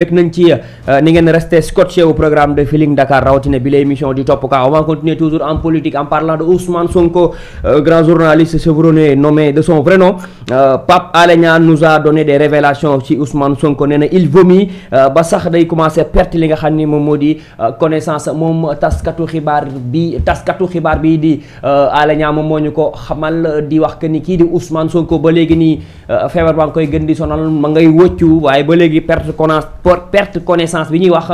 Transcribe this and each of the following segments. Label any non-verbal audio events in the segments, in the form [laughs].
léegi nañ ci euh, ni ngeen resté scotché au programme de Feeling Dakar rawatina bi la émission di topp ka on va continuer toujours en politique en parlant de Ousmane Sonko euh, grand journaliste chevronné nommé de son vrai nom euh, Pape Alé Niang nous a donné des révélations ci Ousmane Sonko nee na il vomit ba sax day commencé perte li nga xam ni moom moo di connaissance moom taskatu xibaar bi taskatu xibaar bi di Alé Niang moom moo ñu ko xamal di wax que ni kii di Ousmane Sonko ba léegi nii feebar baa ngi koy gën di sonal ma ngay wëccu waaye ba léegi perte connaissance pour perte connaissance bi ñuy wax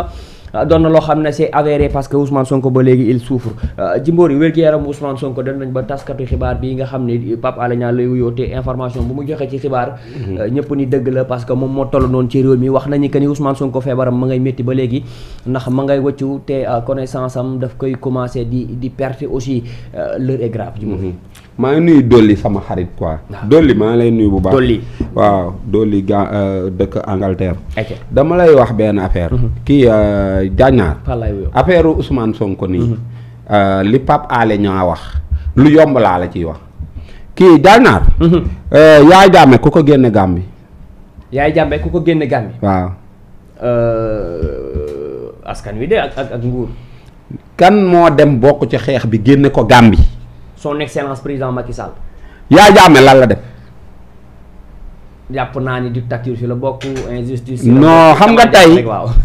ah, doon na loo xam ne c'est avéré parce que Ousmane Sonko ba léegi il souffre ah, Jimbori wér-gu-yaram Ousmane Sonko dem nañ ba taskatu xibaar bii nga xam ne eh, Pape Alé Niang lay wuyoo te information bu mu joxe ci xibaar mhm. ah, ñëpp ni dëgg la parce que moom moo toll noonu ci réew mi wax nañu que ni Ousmane Sonko feebaram ma ngay métti ba léegi ndax ma ngay wëccu te connaissance am daf koy commencer di di perte aussi l'heure est grave Jimbori mhm. maa ngi nuyu Dolly sama xarit quoi. Ah. Dolly maa ngi lay nuyu bu baax. Dolly waaw Dolly ga euh, dëkk Angleterre. dama lay wax benn affaire. Mhm. kii euh, Diagnard. affaire Ousmane Sonko nii. Mhm. Euh, li Pape Alé ñaa wax lu yomb laa la ciy wax. kii Diagnard. Mhm. yaay jàmme ku ko génne gàmmi. yaay ko génne gàmmi. waaw. askan wi de ak nguur. kan moo dem bokk ci xeex bi génne ko gàmmi. son excellence président Macky Sall. yaa jaame lan la def. jàpp naa ni dictature fi la bokk injustice. xam nga tey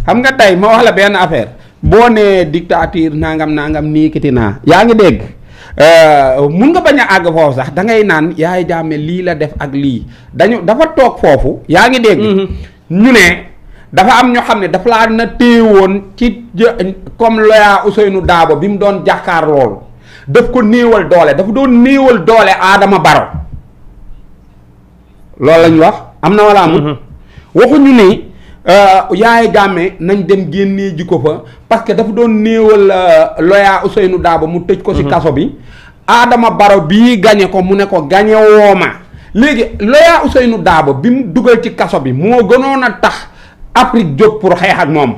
xam nga tey ma wax la benn affaire boo nee dictature nangam nangam nii kiti naa yaa ngi dégg. Euh, mun nga bañ a àgg foofu sax dangay naan yaay jàmme lii la def ak lii dañu dafa toog foofu yaa ngi dégg. Mm-hmm. ñu ne dafa am ñoo xam ne dafa laa na téye woon ci comme loya Ousseynou Daabo bi mu doon jàkkaar loolu daf ko néewal doole dafa doon néewal doole aadama Baro lool lañu wax am na wala amul mm-hmm. waxuñu ni euh, yaay gàmme nañ dem génnee ji ko fa parce que dafa doon néewal euh, loya Ousseynou daabo mu tëj ko ci mm-hmm. kaso bi aadama Baro bii gañe ko mu ne ko gañe wooma léegi loya Ousseynou Daaba bi mu dugal ci kaso bi moo gënoon a tax Afrique jóg pour xeex ak moom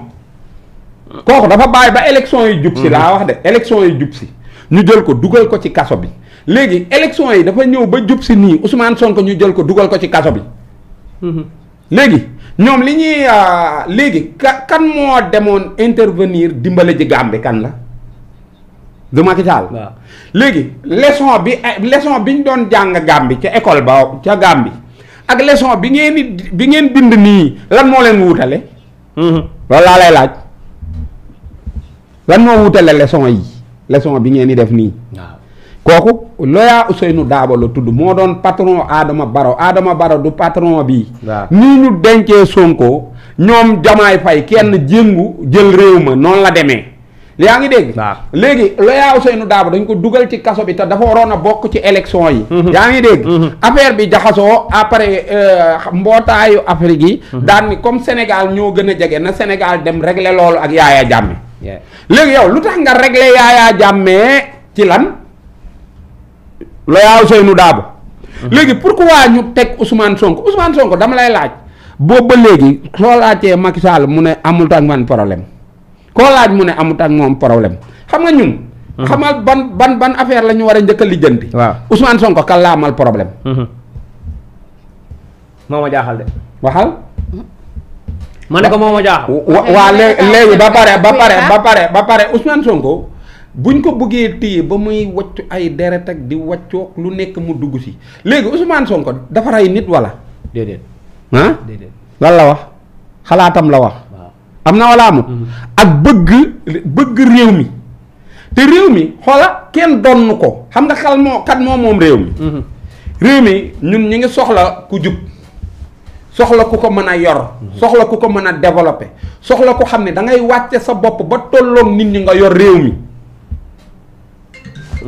ah. kooku dafa bàyyi ba élection yi jub si mm-hmm. laa wax de élection yi jub si ñu jël ko dugal ko ci kaso bi léegi élection yi dafa ñëw ba jub nii nii son ko ñu jël ko dugal ko ci kaso bi. Mhm. léegi ñoom li ñuy euh, léegi ka kan moo demoon intervenir dimbale ji Gàmbi kan la. du Macky Sall. léegi leçon bi eh, leçon bi ñu doon jàng Gàmbi ca école ba ca Gàmbi ak leçon bi ngeen bi ngeen bind nii lan moo leen wuutale. Mhm. loolu laa lay laaj. lan moo wuutale leçon yi. leçon bi ngeen di def nii. kooku Loya Ousseynou Daabo la tudd moo doon patron aadama Baro aadama Baro du patron bi nii ñu dencee Sonko ñoom jamaay fay kenn jéngu jël réew ma noonu la demee yaa ngi dégg léegi Loya seenu Daabo dañ ko dugal ci kaso bi te dafa waroon a bokk ci élection yi mhm. yaa ngi dégg mhm. affaire bi jaxasoo après euh, mbootaayu Afrique yi mhm. daan ni comme Sénégal ñoo gën a jege na Sénégal dem régler loolu ak Yaaya Jàmme léegi yow lu tax nga régler yaayaa jàmmee ci lan loyaa Ousseynou Dabo mhm. léegi pour pourquoi ñu teg Ousmane sonk Ousmane Sonko dama lay laaj boobu ba léegi soo laajtee Macky Sall mu ne amul ak man problème koo laaj mu ne amut ak moom problème xam nga ñun mhm. xamal ban ban ban affaire lañu ñu war a njëkk a lijjanti waaw Ousmane Sonko kan amal problème mhm. moo ma jaaxal de waxal ma ne ko moom a jaaxal. waa léegi ba pare ba pare ba pare ba pare Ousmane Sonko buñ ko bëggee téye ba muy wacc ay deret ak di waccook lu nekk mu dugg si léegi Ousmane Sonko dafa rey nit wala. déedéet. ah lan la wax xalaatam la wax. am na wala amul. Mhm. ak bëgg bëgg réew mi. te réew mi xoola kenn donn ko xam nga xal moo kat moo moom réew mi. Mhm. réew mi ñun ñu ngi soxla ku jub. soxla ku ko mën a yor soxla ku ko mën a développer soxla ku xam ne da ngay wàcce sa bopp ba tolloog nit ñi nga yor réew mi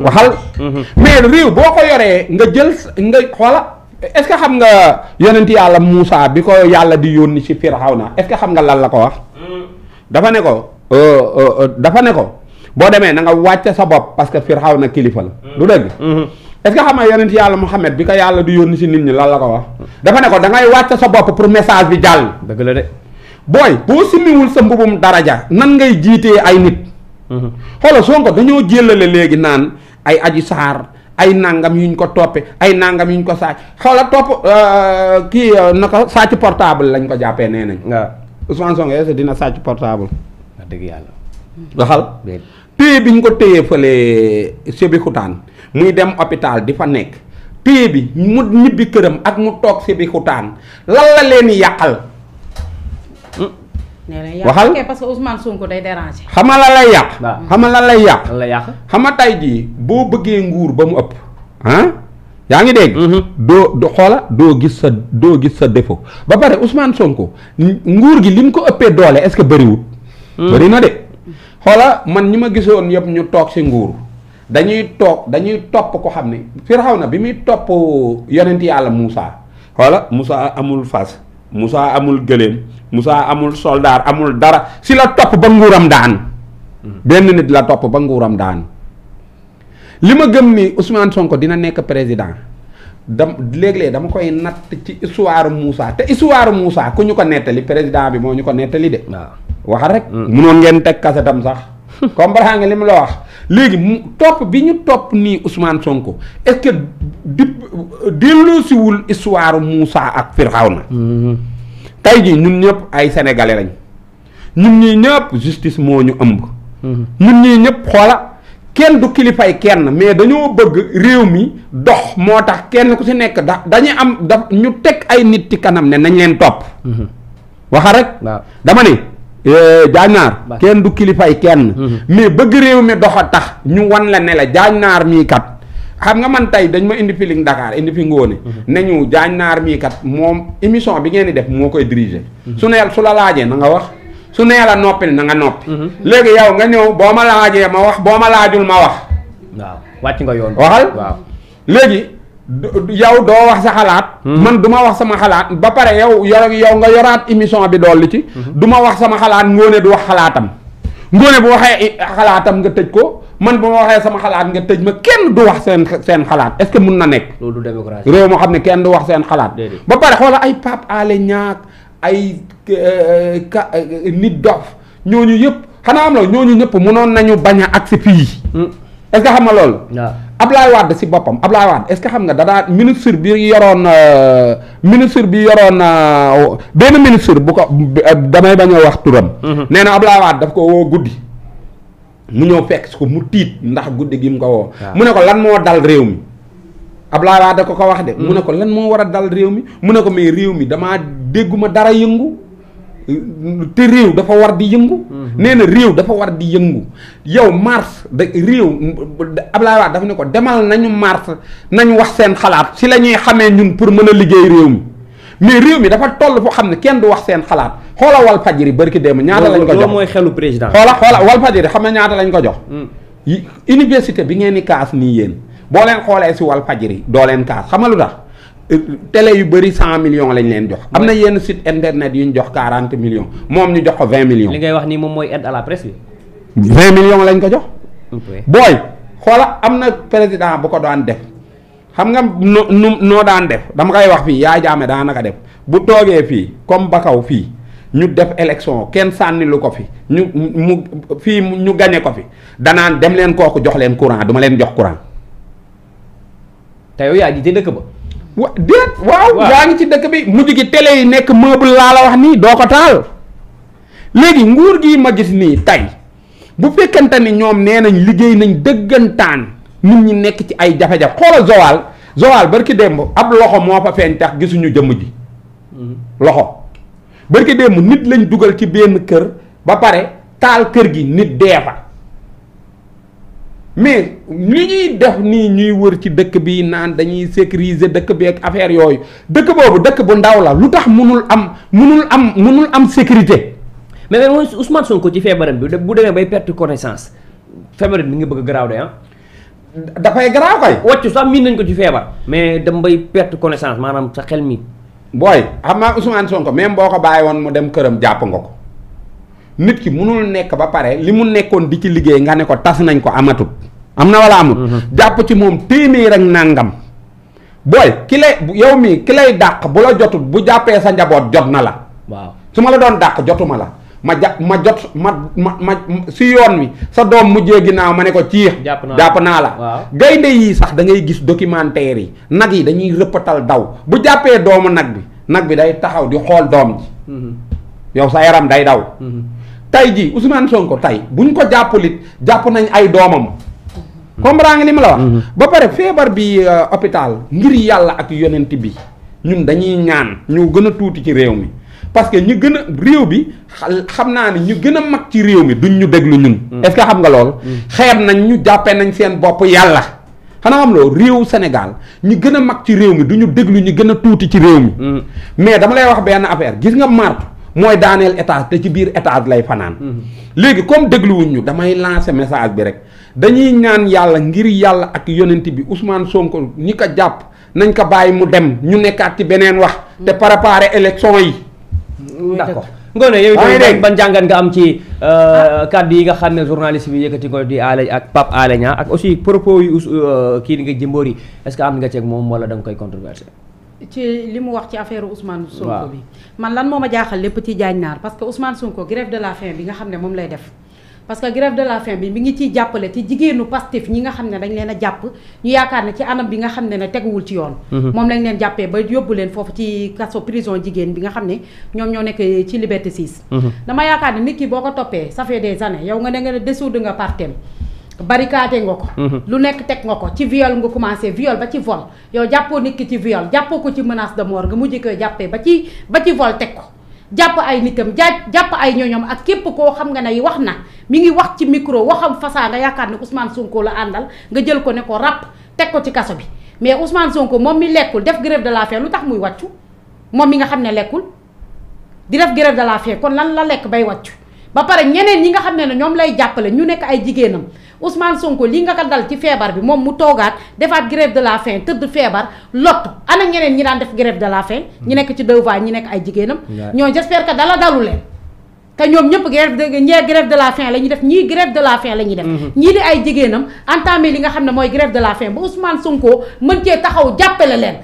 waxal mais réew boo ko yoree nga jël nga xoola est-ce xam nga yonent yàlla Moussa bi ko yàlla di yónni si Firawna est-ce que xam nga lan la ko wax dafa ne ko euh, euh, euh, dafa ne ko boo demee na nga wàcce sa bopp parce que Firawna kilifa la du dëgg est-ce que xam nga yonent yàlla Muhammad bi ko yàlla du yónni si nit ñi lan la ko wax dafa ne ko da ngay wàcc sa bopp pour message bi jàll. dëgg la de booy boo simmiwul sa mbubum daraja nan ngay jiitee ay nit. Mhm. xoolal Sonko dañoo jëlale léegi naan ay aji saar ay nangam yuñ ko toppe ay nangam yuñ ko sàcc xoola topp euh, kii euh, na ko sàcc portable lañ ko jàppee nee nañ. nga Ousmane Sonko est-ce dina sàcc portable. wax dëgg yàlla. waxal téye biñ ko téye fële Sébikotane. muy dem hôpital di fa nekk téye bi mu ñibbi këram ak mu toog si bi xutaan lan la leen di yàqal. Hmm? waxal parce que Ousmane Sonko day déranger. xam nga yàq. xam nga lay yàq. lan yàq xam nga tey jii boo bëggee nguur ba mu ëpp ah. yaa ngi dégg. Mm-hmm. doo do xoola doo gis sa doo gis sa défaut ba pare usmaan Sonko nguur gi li mu ko ëppee doole est-ce que bëriwut. Mm. bëri na de xoola man ñi ma gisoon yëpp ñu toog si nguur. dañuy toog dañuy topp ko xam ni na bi muy topp yonent yàlla Moussa xoola Moussa amul fas Moussa amul gëléem Moussa amul soldaar amul dara si la topp ba nguuram daan benn nit la topp ba nguuram daan li ma gëm ni Ousmane Sonko dina nekk président dam léeg-léeg dama koy natt ci histoire Moussa te histoire Moussa ku ñu ko nettali président bi moo ñu ko nettali de. waaw waxal rek. Mm. munoon ngeen teg kasetam sax. [laughs] comprendre nga li mu la wax. léegi mu topp bi ñu topp nii Ousmane Sonko est-ce que di delloosiwul histoire Moussa ak Firawna mhm. tey jii ñun ñëpp ay sénégalais lañ ñun ñii ñëpp justice moo ñu ëmb. Mhm. ñun ñii ñëpp xoola kenn du kilifay kenn mais dañoo bëgg réew mi dox moo tax kenn ku si nekk da dañuy am daf ñu teg ay nit ci kanam ne nañ leen topp. Mhm. waxa rek. dama ne. jaañaar eh, kenn du kilifay kenn mhm. mais bëgg réew mi dox a tax ñu wan la ne la jaañaar mii kat xam nga man tey dañ ma indi fi liñ Dakar indi fi ngóone mhm. nañu jaañaar mii kat moom émission bi ngeen di def moo koy diriger mhm. su neel su la laajee na nga wax su nee la noppi na nga noppi léegi yow nga ñëw boo ma laajee ma wax boo ma laajul ma wax waaw wàcc nga yoon waxal léegi du yow doo wax sa xalaat hmm. man du wax sama xalaat ba pare yow yor yow nga yoraat émission bi dolli ci hmm. du ma wax sama xalaat ngoone du wax xalaatam ngoone bu waxee xalaatam nga tëj ko man bu ma waxee sama xalaat nga tëj ma kenn du wax seen seen xalaat est que mun na nekk loolu démocratie réew moo xam ne kenn du wax seen xalaat ba pare xoola ay Pape Alé Niang ay euh, ka euh, nit dof ñooñu yëpp xanaa am la ñooñu ñëpp mënoon nañu bañ a agsi fii hmm. est xam nga loolu Ablaye Wade si boppam Ablaye Wade est-ce que xam nga dadaa ministre bi yoroon euh, ministre bi yoroon euh, benn ministre bu ko damay bañ a wax turam. Mhm. nee na Ablaye Wade daf ko woo guddi. mu ñëw fekk si ko mu tiit ndax guddi gi mu ko woo. mu ne ko lan moo dal réew mi. Ablaye da ko ko wax de. mu mhm. ne ko lan moo war a dal réew mi mu ne ko mais réew mi damaa dégguma dara yëngu. te réew dafa war di yëngu. Mhm. nee na réew dafa war di yëngu yow mars da réew Abdoulaye Wade dafa ne ko demal nañu mars nañu wax seen xalaat ci la ñuy xamee ñun pour mën a liggéey réew mi mais réew mi dafa toll foo xam ne kenn du wax seen xalaat xoola wal fajiri barki démb ñaata lañ ko jox mooy hmm. xelu président. xoola xoola wal fajiri xam na ñaata lañ ko jox. université bi ngeen di kaas nii yéen boo leen xoolee si wal fajiri doo leen kaas xam nga lu tax. télé yu bari cent million lañ leen jox. am na yenn site internet yu ñu jox quarante million moom ñu jox ko vingt millions. li ngay wax nii moom mooy aide à la lañ ko jox. booy xoola am na président bu ko daan def xam nga no noo daan def dama koy wax fii yaa jaame daanaka def bu toogee fii comme Bakaw fii ñu def élection kenn sànni lu ko fi ñu mu fii ñu gañe ko fi danaan dem leen kooku jox leen courant duma leen jox courant. te yow yaa jiite dëkk ba. wa déet waaw. yaa ngi ci dëkk bi mujj gi télé yi nekk meuble laa la wax nii doo ko taal. léegi nguur gi ma gis nii tey bu fekkente ni ñoom nee nañ liggéey nañ dëggantaan nit ñi nekk ci ay jafe-jafe xoola Joal Joal barki démb ab loxo moo fa feeñ tax gisuñu jëmm ji. Mhm. loxo barki démb nit lañ dugal ci benn kër ba pare taal kër gi nit dee mais li ñuy def nii ñuy wër ci dëkk bi naan dañuy sécuriser dëkk bi ak affaire yooyu dëkk boobu dëkk bu ndaw la lu tax munul am munul am munul am sécurité. mais mais mooy Ousmane Sonko ci feebaram bi bu demee bay perte connaissance feebaram bi nga bëgg a garaaw de ah. dafay garaaw kay. wàccu sax miin nañ ko ci feebar. mais dem bay perte connaissance maanaam sa xel mi. booy xam naa Ousmane Sonko même boo ko bàyyi woon mu dem këram jàpp nga ko. nit ki munul nekk ba pare li mu nekkoon di ci liggéey nga ne ko tas nañ ko amatut am na wala amut mhm. jàpp ci moom téeméer ak nàngam booy ki lay yow mi ki lay dàq bu la jotut bu jàppee sa njaboot jot na la waaw su ma la doon dàq jotuma la ma ja ma jot ma ma ma si yoon wi sa doom mujjee ginnaaw ma ne ko ciix jàpp naa la gaynde yi sax da ngay gis documentaire yi nag yi dañuy rëppatal daw bu jàppee doomu nag bi nag bi day taxaw di xool doom ji mhm. yow sa yaram day daw mhm. tay ji Ousmane Sonko tay ñu ko jàppulit jàpp nañ ay doomam comprend nga li ma la wax mhm. ba pare feebar bi euh, hôpital ngir yàlla ak yonent bi ñun dañuy ñaan ñu gën a tuuti ci réew mi parce que ñu gën a réew bi xam naa ni ñu gën a mag ci réew mi duñ ñu déglu ñun mhm. est-ce xam nga lool mhm. xeeb nañ ñu jàppee nañ seen bopp yàlla xanaa xam loo réew Sénégal ñu gën a mag ci réew mi du ñu déglu ñu gën a tuuti ci réew mi mais dama lay wax benn affaire gis nga martu mooy daaneel étage te ci biir étage lay fanaan mhm. léegi comme dégluwuñ ñu damay lancer message bi rek dañuy ñaan yàlla ngir yàlla ak yonent bi Ousmane Sonko ñi ko jàpp nañ ko bàyyi mu dem ñu nekkaat ci beneen wax te mhm. préparer élection yi d'accord Ngoné yow itam ban jàngat nga am ci euh, ah. kàddu yi nga xam ne journaliste bi yëkkati ko di Alé ak Pape Alé Niang ak aussi propos yu euh, kii di nga jimboor yi est-ce que am nga ceeg moom wala da nga koy controverser ci li mu wax ci affaire Ousmane Sonko bi man lan moo ma jaaxal lépp ci jaañ naar parce que Ousmane Sonko grève de la faim bi nga xam ne moom lay def parce que de la faim bi nga xam ne ne teguwul ci yoon mhm. moom lañ leen jàppee ba yóbbu leen foofu ci kaso prison jigéen bi nga xam ne ñoom ñoo nekk ci liberté 6 mhm. dama yaakaar ne nit ki boo ko toppee ça fait des yow nga ne nga desuud nga partem barricade nga ko mhm. lu nekk teg nga ko ci viol nga commencé viol ba ci vol yow jàppoo nit ki ci viol jàppoo ko ci menace de mort nga mujj koy jàppee ba ci ba ci vol teg ko jàpp ay nitam jaaj jàpp ay ñooñom ak képp koo xam nga ne wax na mi ngi wax ci micro waxam fasaa nga yaakaar ne Ousmane Sonko la àndal nga jël ko ne ko ràpp teg ko ci kaso bi mais Ousmane Sonko moom mi lekkul def grève de la faim lu tax muy wàccu moom mi nga xam ne lekkul di def grève de la faim kon lan la lekk bay wàccu ba pare ñeneen ñi nga xam ne ne ñoom lay jàppale ñu nekk ay jigéenam Ousmane Sonko lii nga ko dal ci feebar bi moom mu toogaat defaat grève de la fin tëdd feebar lot ana ñeneen ñi daan def grève de la fin ñi nekk ci deux voies ñi nekk ay jigéenam ñoo j'espère que dala dalu leen ñëpp grève de ñee la faim la ñuy def ñii grève de la faim la ñuy def mm-hmm. ñii di ay jigéenam entamé li nga xam ne mooy grève de la faim ba Ousmane Sonko mën cee taxaw jàppale leen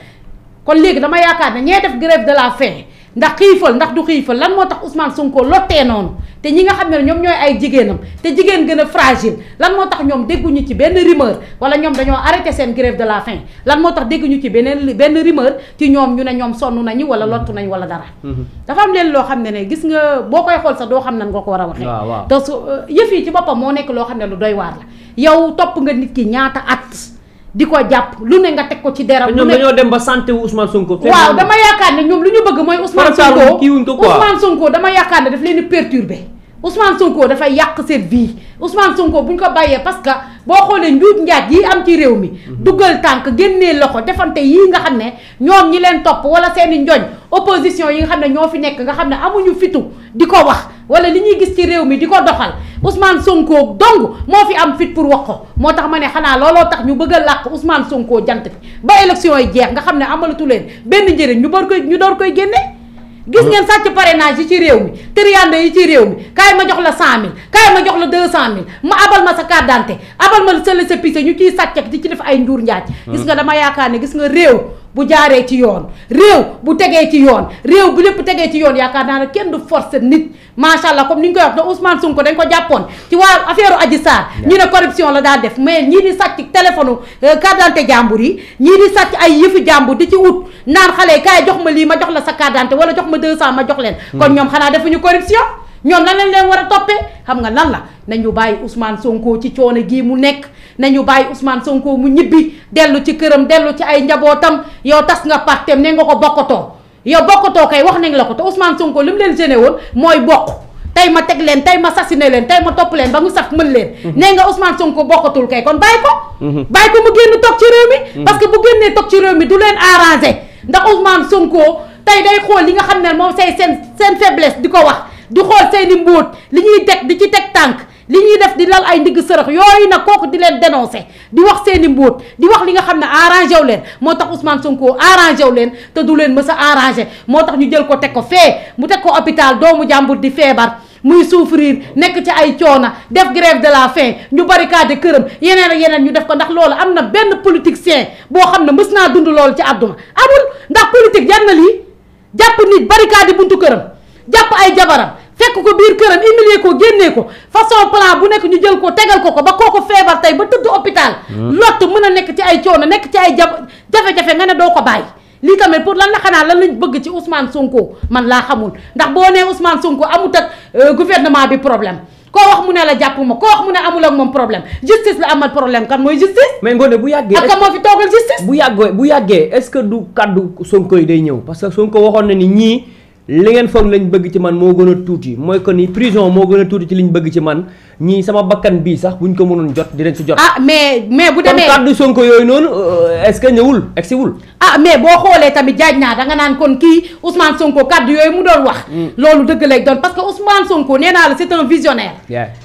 kon léegi dama yaakaar ne ñee def grève de la faim ndax xiifal ndax du xiifal lan moo tax Ousmane Sonko lottee noonu te ñi nga xam ne ñoom ñooy ay jigéenam te jigéen gën a fragile lan moo tax ñoom dégguñu ci benn rumeur wala ñoom dañoo arrêté seen grève de la faim lan moo tax dégguñu ci beneen benn rumeur ci ñoom ñu ne ñoom sonn nañu wala mm-hmm. lottu nañu wala dara mm-hmm. dafa am leen loo xam ne ne gis nga boo koy xool sax doo xam nan nga ko war a waxee te euh, yëf yi ci boppam moo nekk loo xam ne lu doy waar la yow topp nga nit ki ñaata at di ko jàpp lu ne nga teg ko ci deram. lu ne dañoo dem ba santé wu Ousmane Sonko. waaw dama yaakaar ne ñoom lu ñu bëgg mooy. Ousmane Sonko Ousmane Sonko dama yaakaar ne daf leen di perturbé. Ousmane Sonko dafay yàq seen vie Ousmane Sonko bu ñu ko bàyyee parce que boo xoolee njuuj njaaj yi am ci réew mi. Mhm. dugal tànk génnee loxo defante yii nga xam ne ñoom ñi leen topp wala seen i njoñ opposition yi nga xam ne ñoo fi nekk nga xam ne amuñu fitu di ko wax wala li ñuy gis ci réew mi di ko doxal Ousmane Sonko dong moo fi am fit pour wax ko moo tax ma ne xanaa looloo tax ñu bëgg a làq Ousmane Sonko jant bi ba élection yi jeex nga xam ne amalatu leen benn njëriñ ñu door koy ñu door koy génne. gis ngeen sàcc parrainage yi ci réew mi tëriande yi ci réew mi kaay ma jox la cent mille kaay ma jox la deux cent ma abal ma sa carte d'identité abal ma sa laissez ñu ciy sàcc ak ci def ay njuur njaaj gis nga hmm. dama yaakaar ne gis nga réew bu jaaree ci yoon réew bu tegee ci yoon réew bu lépp tegee ci yoon yaakaar naa ne kenn du forcer nit macha allah comme ni ñu koy wax ne Sonko dañ ko jàppoon ci waa affaire Adji Sarr ne corruption la daan def mais ñii di sàcc téléphone euh, carte d'identité jàmbur yi ñii di sàcc ay yëfi jàmbur di ci ut naan xale kaay jox ma lii ma jox la sa carte d'identité wala jox ma 200 ma jox leen hmm. kon ñoom xanaa defuñu corruption ñoom lan lañ leen war a toppee xam nga lan la nañu bàyyi Ousmane Sonko ci coono gii mu nekk nañu bàyyi Ousmane Sonko mu ñibbi dellu ci këram dellu ci ay njabootam yow tas nga partem ne nga ko bokkatoo yow bokkatoo kay wax nañ la ko te Ousmane Sonko li mu leen génne woon mooy bokk tey ma teg leen tey ma sasine leen tey ma topp leen ba mu saf mën leen mhm. nee nga Ousmane Sonko bokkatul kay kon bàyyi ko mhm. bàyyi ko mu génn toog ci réew mi mhm. parce que bu génnee toog ci réew mi du leen arangé ndax Ousmane Sonko tey day xool li nga xam ne moom say seen seen faiblesse di ko wax di xool seen i mbóot li ñuy teg di ci teg tànk li ñuy def di lal ay ndigg sërëx yooyu nag kooku di leen dénoncé di wax seen i mbóot di wax li nga xam ne arrangé wu leen moo tax Ousmane Sonko arrangé wu leen te du leen mës a arrangé moo tax ñu jël ko teg ko fee mu teg ko hôpital doomu jàmbur di feebar muy souffrir nekk ci ay coona def grève de la faim ñu barricade këram yeneen ak yeneen ñu def ko ndax loolu am na benn politicien boo xam ne mës naa dund loolu ci àdduna amul ndax politique jar na lii jàpp nit barricade buntu këram jàpp ay jabaram fekk ko biir këram humilier ko génnee ko façon plan bu nekk ñu jël ko tegal ko ko ba kooku feebar tey ba tëdd hôpital hmm. lott mën a nekk ci ay coono nekk ci ay jafe-jafe nga ne doo ko bàyyi lii tamit pour lan la xanaa lan ñu bëgg ci Ousmane Sonko man laa xamul ndax boo nee Ousmane Sonko amut ak euh, gouvernement bi problème koo wax mu ne la jàpp ma koo wax mu ne amul ak moom problème justice la amal problème kan mooy justice. mais ngoone bu yàggee ak moo fi toogal justice. bu yàggee que du kaddu Sonko yi day ñëw parce que Sonko waxoon na ni ñii. li ngeen foog lañ bëgg ci man moo gën a tuuti mooy kon ni prison moo gën a tuuti ci ñu bëgg ci man ñii sama bakkan bii sax buñ ko mënoon jot dinañ si jot. ah mais mais bu demee kàddu Sonko yooyu noonu euh, est-ce que ñëwul egsiwul. ah mais boo xoolee tamit jaaj naa danga naan kon kii Ousmane Sonko kàddu yooyu mu doon wax. Hmm. loolu dëgg lay doon parce que Ousmane Sonko nee naa la c'est un visionnaire.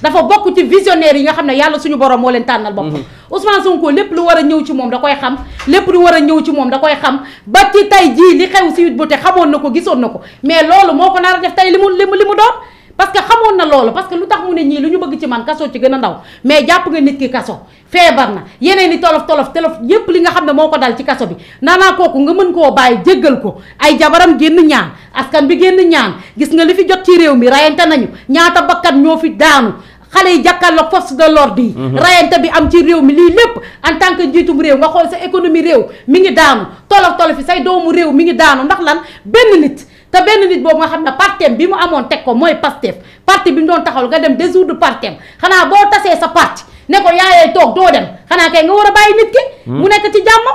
dafa bokk ci visionnaire yi nga xam ne yàlla suñu borom moo leen tànnal boppam. Hmm. Ousmane Sonko lépp lu war a ñëw ci moom da koy xam lépp lu war a ñëw ci moom da koy xam ba ci tey jii li xew si wit te xamoon na ko gisoon na ko mais loolu moo ko a def tey li li mu doon parce que xamoon na loolu parce que lu tax mu ne ñii lu ñu bëgg ci man kaso ci gën a ndaw mais jàpp nga nit ki kaso feebar na yeneen i tolof tolof tolof yépp li nga xam ne moo ko dal ci kaso bi naanaa kooku nga mën koo bàyyi jéggal ko ay jabaram génn ñaan askan bi génn ñaan gis nga li fi jot ci réew mi rayante nañu ñaata bakkan ñoo fi daanu xale yi jàkkaarloog force de l'ordre yi mhm. rayante bi am ci réew mi lii lépp en tant que njiitum réew nga xool sa économie réew mi ngi daanu tolof tolof yi say doomu réew mi ngi daanu ndax lan benn nit te benn nit boobu nga xam ne partem bi mu amoon teg ko mooy Pastef parti bi mu doon taxawal nga dem désoudre partem xanaa boo tasee sa parti ne ko yaayee toog doo dem xanaa kay nga war a bàyyi nit ki. Hmm. mu nekk ci jàmm.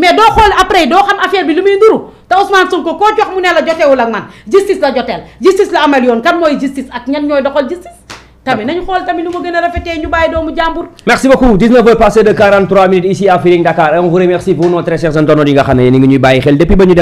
mais doo xool après doo xam affaire bi lu muy nduru te Ousmane Sonko koo jox mu ne la jotewul ak man justice la joteel justice la amal yoon kan mooy justice ak ñan ñooy doxal justice. tamit nañu xool tamit nu mu gën a rafetee ñu